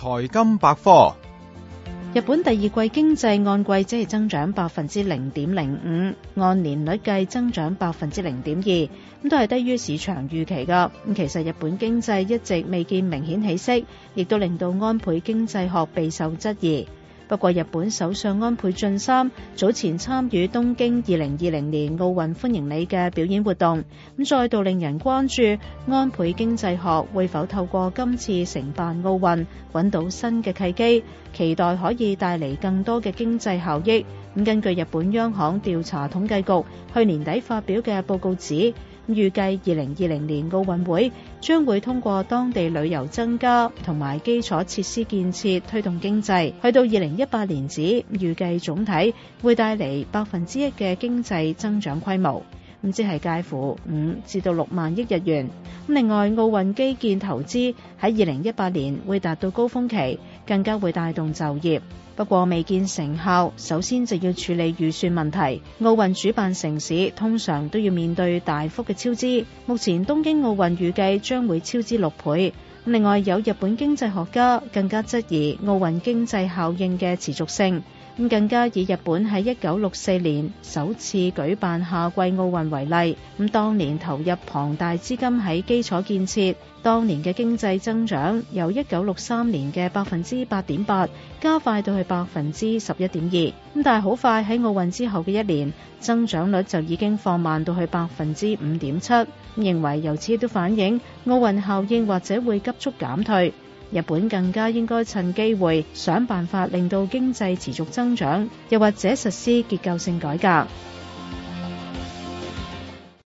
財金百科：日本第二季經濟按季淨係增長百分之零點零五，按年率計增長百分之零點二，咁都係低於市場預期噶。咁其實日本經濟一直未見明顯起色，亦都令到安倍經濟學備受質疑。不過，日本首相安倍晉三早前參與東京二零二零年奧運歡迎你嘅表演活動，咁再度令人關注安倍經濟學會否透過今次承辦奧運揾到新嘅契機，期待可以帶嚟更多嘅經濟效益。咁根據日本央行調查統計局去年底發表嘅報告指，預計二零二零年奧運會將會通過當地旅遊增加同埋基礎設施建設推動經濟，去到二零一八年止，預計總體會帶嚟百分之一嘅經濟增長規模。咁，即係介乎五至到六萬億日元。另外，奧運基建投資喺二零一八年會達到高峰期，更加會帶動就業。不過，未見成效，首先就要處理預算問題。奧運主辦城市通常都要面對大幅嘅超支。目前東京奧運預計將會超支六倍。另外，有日本經濟學家更加質疑奧運經濟效應嘅持續性。咁更加以日本喺一九六四年首次舉辦夏季奧運為例，咁當年投入龐大資金喺基礎建設，當年嘅經濟增長由一九六三年嘅百分之八點八加快到去百分之十一點二，咁但係好快喺奧運之後嘅一年，增長率就已經放慢到去百分之五點七，認為由此亦都反映奧運效應或者會急速減退。日本更加應該趁機會想辦法，令到經濟持續增長，又或者實施結構性改革。